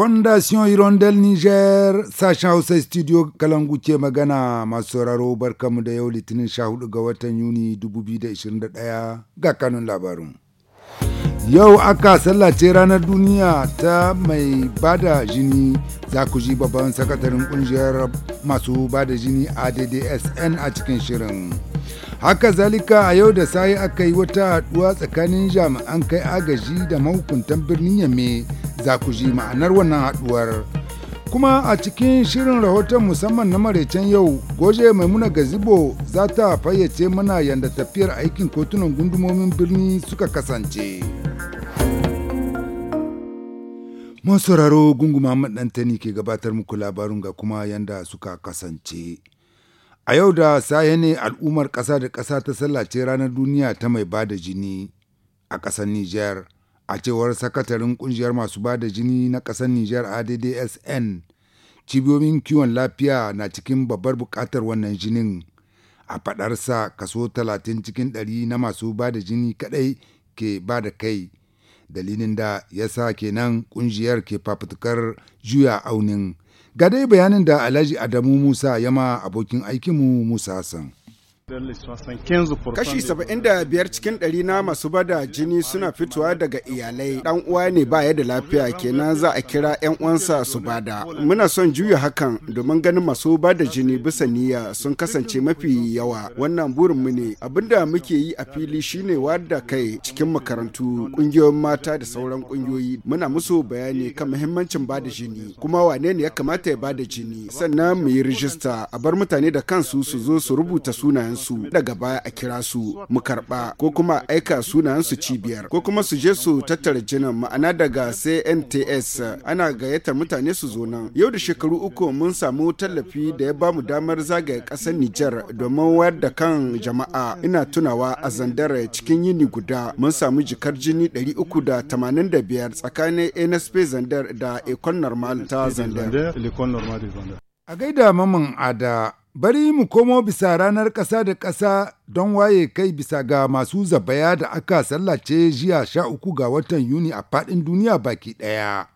Fondation irondel Niger sashen Hausa Studio Kalangu magana masu sauraro barkamu da yau Litinin hudu ga watan Yuni 2021 ga kanun labarin. Yau aka sallace ranar duniya ta mai bada jini za ku ji babban sakatarin kungiyar masu bada jini a DDSN a cikin shirin. Haka zalika a yau da sai aka yi wata haɗuwa tsakanin jami'an kai agaji da mahukuntan birnin Yamme za ku ji ma'anar wannan haɗuwar. Kuma a cikin shirin rahoton musamman na maraicen yau, goje maimuna gazibo za ta fayyace mana yadda tafiyar aikin kotunan gundumomin birni suka kasance. sauraro gunguma ne ke gabatar muku labarin ga kuma yadda suka kasance. A yau da saye ne al'ummar ƙasa da ƙasa ta sallace ranar duniya ta mai ba da jini a ƙasar Nijar. a cewar sakataren kungiyar masu ba da jini na ƙasar Nijar ADDSN cibiyoyin kiwon lafiya na cikin babbar buƙatar wannan jinin a faɗarsa kaso 30 cikin 100 na masu ba da jini kaɗai ke ba da kai dalilin da ya sa kenan kungiyar ke fafutukar juya aunin ga dai bayanin da alhaji adamu musa yama abokin aikinmu musa san. Kashi biyar cikin ɗari na masu bada jini suna fitowa daga iyalai. Dan uwa ne ba ya da lafiya kenan za a kira 'yan uwansa su bada. Muna son juya hakan domin ganin masu bada jini bisa niyya sun kasance mafi yawa. Wannan burin mu ne. Abinda muke yi a fili shine wadda kai cikin makarantu, ƙungiyoyin mata da sauran ƙungiyoyi. Muna musu bayani kan muhimmancin bada jini, kuma wane ne ya kamata ya bada jini. Sannan mu yi rijista a bar mutane da kansu su zo su rubuta sunayensu. su daga baya a kira su mu karɓa ko kuma aika sunayen su cibiyar ko kuma su je su tattara jinin ma'ana daga CNTS ana gayyatar mutane su zo nan yau da shekaru uku mun samu tallafi da ya bamu damar zagaya ƙasar Nijar domin wayar da kan jama'a ina tunawa a zandar cikin yini guda mun samu jikar jini 385 tsakanin NSP Zandar da Econ Normal ta Zandar. A gaida mamman ada Bari mu komo bisa ranar ƙasa da ƙasa don waye kai bisa ga masu zabaya da aka sallace jiya sha uku ga watan Yuni a faɗin duniya baki ɗaya.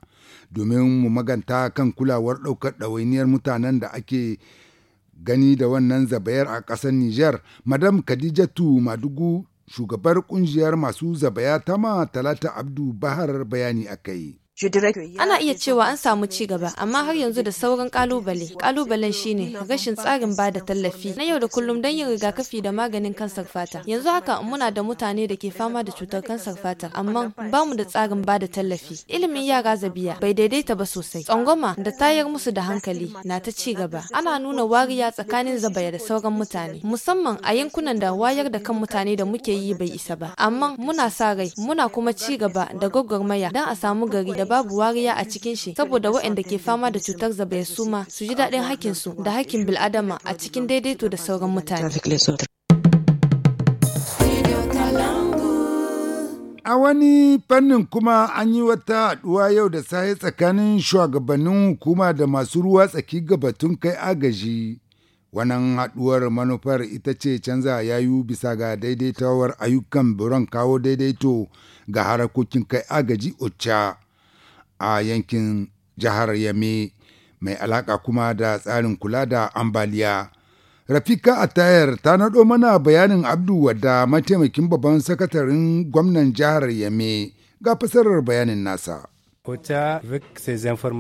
Domin mu maganta kan kulawar ɗaukar ɗawainiyar mutanen da ake gani da wannan zabayar a ƙasar Nijar, Madam Khadijatu Madugu, shugabar ƙungiyar masu zabaya ta ma Talata Abdu Bahar bayani akai. Ana iya cewa an samu ci gaba, amma har yanzu da sauran kalubale. Kalubalen shine rashin tsarin ba da tallafi na yau da kullum don yin rigakafi da maganin kansar fata. Yanzu haka muna da mutane da ke fama da cutar kansar fata, amma ba mu da tsarin ba da tallafi. Ilimin yara zabiya bai daidaita ba sosai. Tsangwama da tayar musu da hankali na ta ci gaba. Ana nuna wariya tsakanin zabaya da sauran mutane, musamman a yankunan da wayar da kan mutane da muke yi bai isa ba. Amma muna sa rai, muna kuma ci gaba da gwagwarmaya don a samu gari da da babu wariya a cikin shi saboda waɗanda ke fama da cutar zabai suma su ji daɗin su da hakin bil'adama a cikin daidaito da sauran mutane. A wani fannin kuma an yi wata haɗuwa yau da sahe tsakanin shugabannin hukuma da masu ruwa tsaki gabatun kai agaji. Wannan haɗuwar manufar ita ce canza yayu bisa ga daidaitawar ayyukan biron kawo daidaito ga harakokin kai agaji OCHA. a yankin jihar Yame mai alaka kuma da tsarin kula da ambaliya. Rafika Atayar ta naɗo mana bayanin Abdu wadda mataimakin babban sakatarin gwamnan jihar Yame ga fasarar bayanin nasa.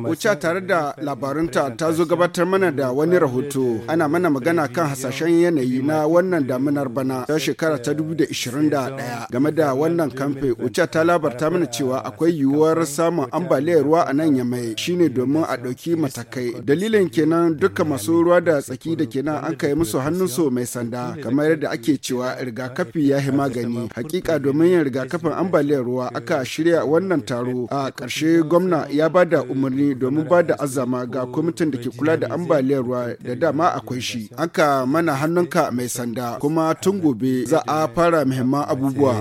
Wuce tare da labarinta ta zo gabatar mana da wani rahoto ana mana magana kan hasashen yanayi na wannan daminar bana ta shekara ta 2021 game da wannan kamfe wuce ta labarta mana cewa akwai yiwuwar samun ambaliyar ruwa a nan yamai shine domin a ɗauki matakai dalilin kenan duka masu ruwa da tsaki da kenan an kai musu hannun so mai sanda kamar yadda ake cewa rigakafi ya magani hakika domin yin rigakafin ambaliyar ruwa aka shirya wannan taro a ƙarshe gwamna ya ba da umarni domin ba da azama ga kwamitin da ke kula da ambaliyar ruwa da dama akwai shi. Aka mana hannunka mai sanda kuma tun gobe za a fara muhimman abubuwa.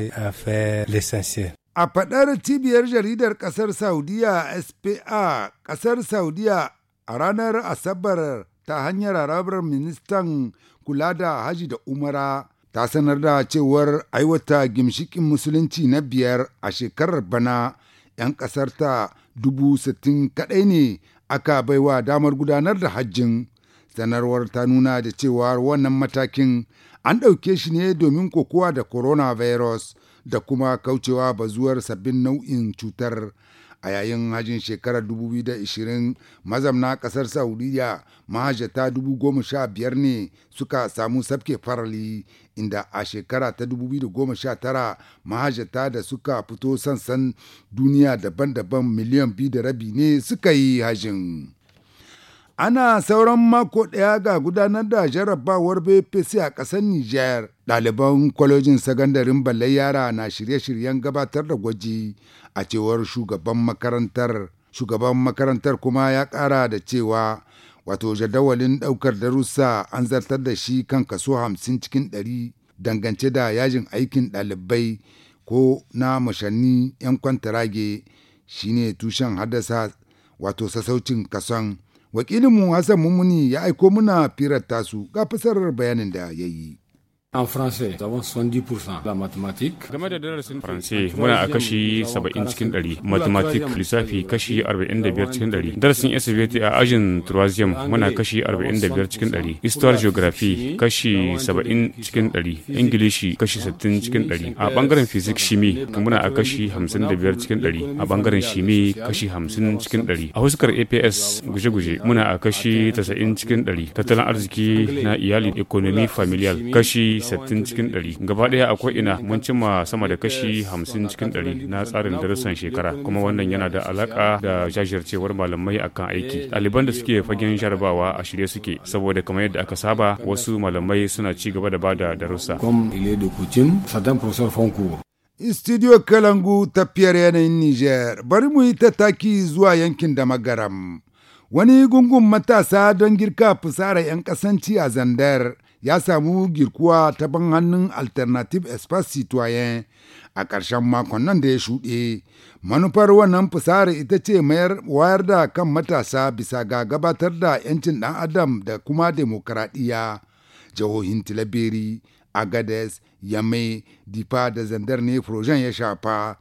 A faɗar cibiyar jaridar ƙasar Saudiya SPA, ƙasar Saudiya a ranar Asabar ta hanyar harabar ministan kula da haji da umara ta sanar da cewar aiwata gimshikin musulunci na biyar a shekarar bana 'yan ƙasar ta dubu sittin kaɗai ne aka baiwa damar gudanar da hajjin sanarwar ta nuna da cewa wannan matakin an ɗauke shi ne domin kokowa da coronavirus da kuma kaucewa bazuwar sabbin nau'in cutar a yayin hajjin shekarar 2020 mazamna kasar saudiya mahajjata 15,000 ne suka samu sabke farali inda a shekara ta 2019 mahajjata da suka fito sansan duniya daban-daban miliyan biyu da rabi ne suka yi hajjin. Ana sauran mako ɗaya ga gudanar da jarrabawar BPC a ƙasar niger Ɗaliban kwalejin sagandarin balle yara na shirye-shiryen gabatar da gwaji a cewar shugaban makarantar. Shugaban makarantar kuma ya ƙara da cewa wato jadawalin ɗaukar darussa an zartar da shi kan kaso hamsin cikin ɗari dangance da yajin aikin ɗalibai ko na mashanni 'yan kwantarage shine tushen haddasa wato sasaucin kason wakilinmu hassan mummuni ya aiko muna firar tasu ga fasarar bayanin da ya yi En français, nous avons 70% la mathématique. Game da darasin France, muna a kashi 70 cikin 100, mathematic lissafi kashi 45 cikin 100. Darasin SVT a ajin Troisium muna kashi 45 cikin 100. Histoire géographie, kashi 70 cikin 100. Ingilishi kashi 60 cikin 100. A bangaren physique Shimi muna a kashi 55 cikin 100. A bangaren Shimi kashi 50 cikin 100. A Oscar eps guje-guje muna a kashi 90 cikin 100. Tattalin arziki na iyali économie familial kashi sittin cikin ɗari gaba ɗaya a ko'ina mun cimma sama da kashi hamsin cikin ɗari na tsarin darussan shekara kuma wannan yana da alaƙa da jajircewar malamai akan aiki ɗaliban da suke fagen jarabawa a shirye suke saboda kamar yadda aka saba wasu malamai suna ci gaba da bada darussa studio kalangu ta tafiyar yanayin niger bari mu yi ta taki zuwa yankin da magaram wani gungun matasa don girka fusara 'yan kasanci a zandar ya samu girkuwa ta ban hannun alternative espace citoyen a ƙarshen makon nan da ya shuɗe manufar wannan fusara ita ce mayar wayar da kan matasa bisa ga gabatar da 'yancin ɗan adam da kuma demokaradiyya jihohin tilaberi agades yame difa da zandar ne projen ya shafa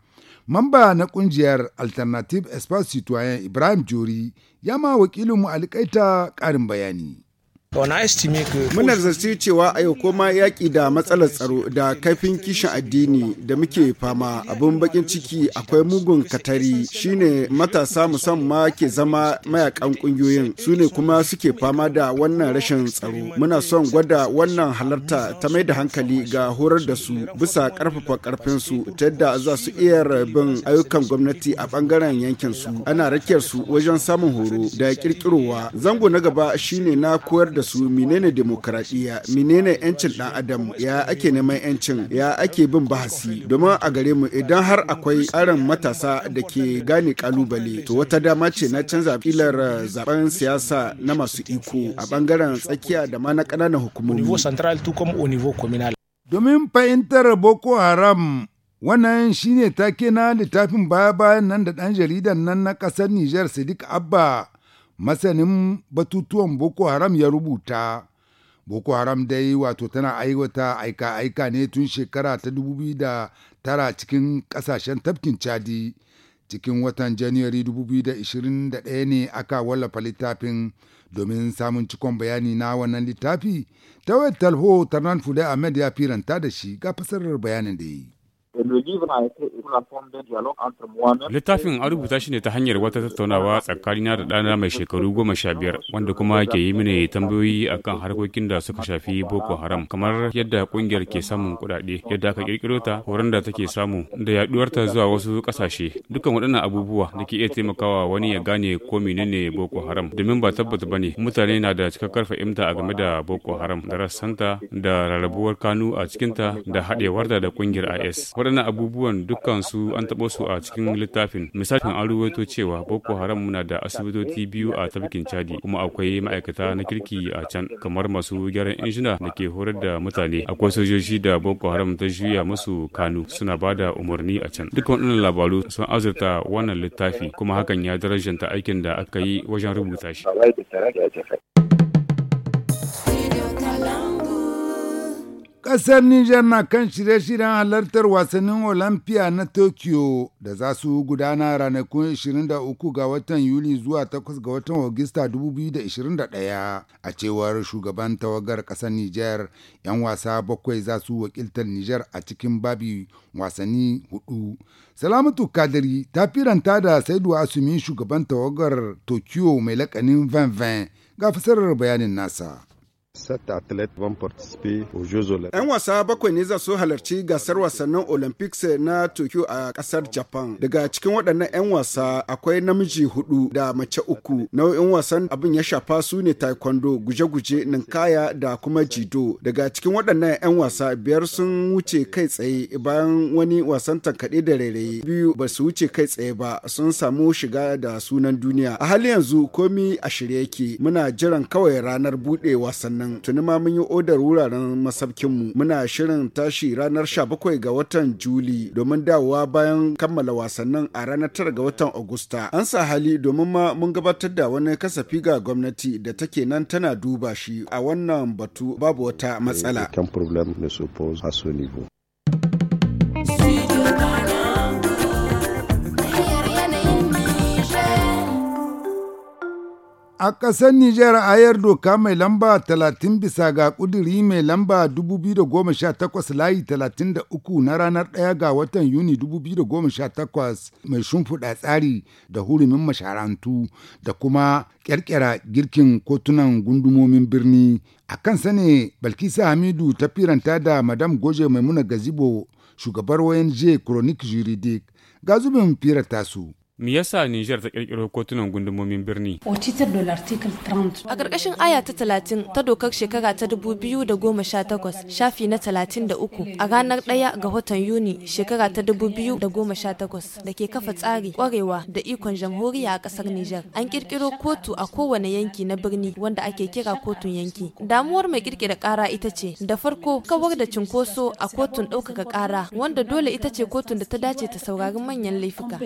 mamba na kungiyar alternative espace citoyen ibrahim jori ya ma wakilinmu alkaita ƙarin bayani Muna zarci cewa a yau koma yaƙi da matsalar tsaro da kaifin kishin addini da muke fama abin bakin ciki akwai mugun katari shine matasa musamman ke zama mayakan ƙungiyoyin su ne kuma suke fama da wannan rashin tsaro. Muna son gwada wannan halarta ta mai da hankali ga horar da su bisa ƙarfafa ƙarfinsu ta yadda za su iya rabin ayyukan gwamnati a ɓangaren yankinsu, Ana rakiyar su wajen samun horo da ƙirƙirowa. Zango na gaba shine na koyar da da su menene demokradiyya menene yancin dan adam ya ake neman yancin ya ake bin bahasi domin a gare mu idan har akwai tsarin matasa da ke gane kalubale to wata dama ce na canza filar eh, zaben siyasa na masu iko a bangaren tsakiya da ma na kananan hukumomi domin fahimtar boko haram wannan shine take na littafin baya-bayan nan da dan jaridan nan na ƙasar niger Sadiq Abba masanin batutuwan Boko Haram ya rubuta. Boko Haram dai wato tana aiwata aika-aika ne tun shekara ta tara cikin ƙasashen tafkin Chadi. Cikin watan Janairu 2021 ne aka wallafa littafin domin samun cikon bayani na wannan littafi. Ta talho Tarnan fulai Ahmed ya firanta da shi ga fasarar bayanin da yi. Littafin a rubuta shi ne ta hanyar wata tattaunawa tsakanina da ɗana mai shekaru goma sha biyar wanda kuma ke yi mini tambayoyi akan harkokin da suka shafi Boko Haram kamar yadda ƙungiyar ke samun kuɗaɗe, yadda aka ƙirƙiro ta, horon da take samu, da ta zuwa wasu ƙasashe. Dukkan waɗannan abubuwa da ke iya taimakawa wani ya gane ko menene Boko Haram domin ba tabbata bane mutane na da cikakkar fahimta a game da Boko Haram da rassanta da rarrabuwar kanu a cikinta da haɗewar da ƙungiyar IS. waɗannan abubuwan dukkansu an taɓo su a cikin littafin misalin an ruwaito cewa boko haram muna da asibitoci biyu a tafkin chadi kuma akwai ma'aikata na kirki a can kamar masu gyaran injina da ke horar da mutane akwai sojoji da boko haram ta juya musu kanu suna ba da umarni a can dukkan waɗannan labaru sun azurta wannan littafi kuma hakan ya darajanta aikin da aka yi wajen rubuta shi Ƙasar Nijar na kan shirye-shiryen halartar wasannin Olamfiya na Tokyo da za su gudana ranakun 23 ga watan Yuli zuwa 8 ga watan Agusta 2021 a cewar shugaban tawagar ƙasar Nijar 'yan wasa bakwai za su wakiltar Nijar a cikin babi wasanni hudu. Salamatu Kadiri ta firanta da Saidu Asumi shugaban tawagar Tokyo mai lakanin Van Van ga fasarar bayanin nasa. 'Yan wasa bakwai ne za su halarci gasar wasannin Olympics na Tokyo a kasar Japan. Daga cikin waɗannan 'yan wasa akwai namiji hudu da mace uku. Nau'in wasan abin ya shafa su ne taekwondo, guje-guje, ninkaya da kuma jido. Daga cikin waɗannan 'yan wasa biyar sun wuce kai tsaye bayan wani wasan tankaɗe da rairaye. Biyu ba su wuce kai tsaye ba sun samu shiga da sunan duniya. A hali yanzu komi a shirye yake muna jiran kawai ranar buɗe wasannin. nan tuni ma mun yi odar wuraren masabkinmu muna shirin tashi ranar 17 ga watan Juli domin dawowa bayan kammala wasannin a ranar 9 ga watan Agusta. An sa hali domin ma mun gabatar da wani kasafi ga gwamnati da take nan tana duba shi a wannan batu babu wata matsala. Eh, A ƙasar Nijar ayar doka mai lamba 30 bisa ga ƙuduri mai lamba 2018 layi 33 na ranar 1 ga watan Yuni 2018 mai shimfiɗa tsari da hurumin masharantu da kuma ƙirƙira girkin kotunan gundumomin birni. A kan sani Balkisa Hamidu ta firanta da Madam Goje Maimuna Gazibo shugabar ONG Chronic Juridic ga zubin firata su. Me yasa Nijar ta kirkiro kotunan gundumomin birni? A ƙarƙashin aya ta talatin ta dokar shekara ta dubu biyu da goma sha takwas shafi na talatin da uku a ranar ɗaya ga watan Yuni shekara ta dubu biyu da goma sha takwas da ke kafa tsari ƙwarewa da ikon jamhuriya a ƙasar Nijar. An ƙirƙiro kotu a kowane yanki na birni wanda ake kira kotun yanki. Damuwar mai kirkira ƙara ita ce da farko kawar da cinkoso a kotun ɗaukaka ƙara wanda dole ita ce kotun da ta dace ta saurari manyan laifuka.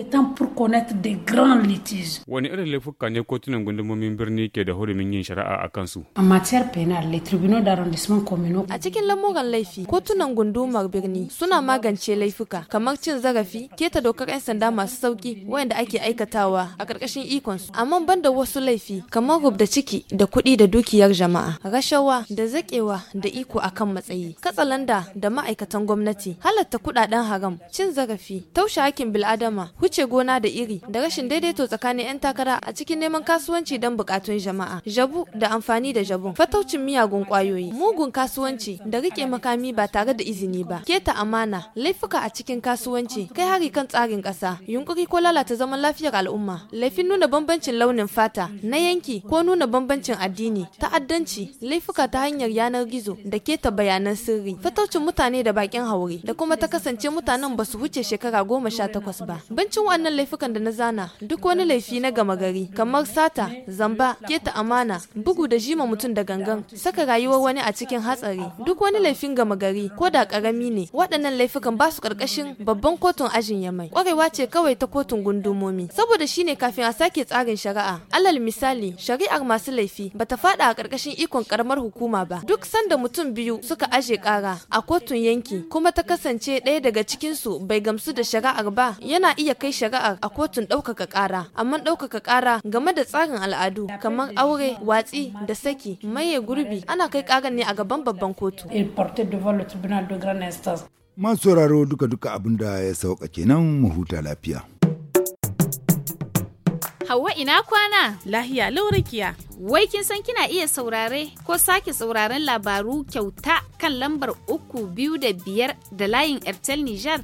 commettre des grands litiges. Wani irin laifuka ne kotunan gundumomin birni ke da hurumin yin shari'a a kansu? A matiyar penal, le tribunal d'arrondissement communaux. A cikin lamuran laifi, kotunan gundumar birni suna magance laifuka kamar cin zarafi, keta dokar 'yan sanda masu sauki wayanda ake aikatawa a ƙarƙashin ikonsu. Amma da wasu laifi kamar rubda ciki da kuɗi da dukiyar jama'a, rashawa da zaƙewa da iko a kan matsayi, katsalanda da ma'aikatan gwamnati, halarta kuɗaɗen haram, cin zarafi, taushe hakkin bil'adama, wuce gona da iri alheri da rashin daidaito tsakanin 'yan takara a cikin neman kasuwanci don bukatun jama'a jabu da amfani da jabun fataucin miyagun kwayoyi mugun kasuwanci da rike makami ba tare da izini ba keta amana laifuka a cikin kasuwanci kai hari kan tsarin kasa yunkuri ko lalata zaman lafiyar al'umma laifin nuna bambancin launin fata na yanki ko nuna bambancin addini ta'addanci laifuka ta hanyar yanar gizo da keta bayanan sirri fataucin mutane da bakin haure da kuma ta kasance mutanen ba su wuce shekara goma sha takwas ba bancin wannan laifukan da na zana duk wani laifi na gama gari kamar sata, zamba, keta amana, bugu da jima mutum da gangan, saka rayuwar wani a cikin hatsari, duk wani laifin gama gari ko da karami ne. Waɗannan laifukan ba su ƙarƙashin babban kotun ajin Yamai. kwarewa ce kawai ta kotun gundumomi. Saboda shine kafin a sake tsarin shari'a. Alal misali, shari'ar masu laifi ba ta faɗa a karkashin ikon karamar hukuma ba. Duk sanda mutum biyu suka aje kara a kotun yanki kuma ta kasance ɗaya daga cikinsu bai gamsu da shari'ar ba yana iya kai shari'ar a kotun kotun ɗaukaka ƙara amma ɗaukaka ƙara game da tsarin al'adu kamar aure watsi da saki maye gurbi ana kai ƙara ne a gaban babban kotu masu sauraro duka-duka abin da ya sauka kenan mu huta lafiya hawa ina kwana? Lahiya laurakiya. Wai kin san kina iya saurare ko sake sauraren labaru kyauta kan lambar uku biyu da biyar da layin Airtel Niger?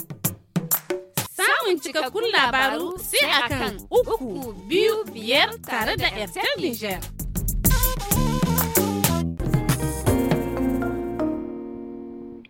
Samun cikakkun labaru sai akan uku biyu biyar tare da Airtel Niger.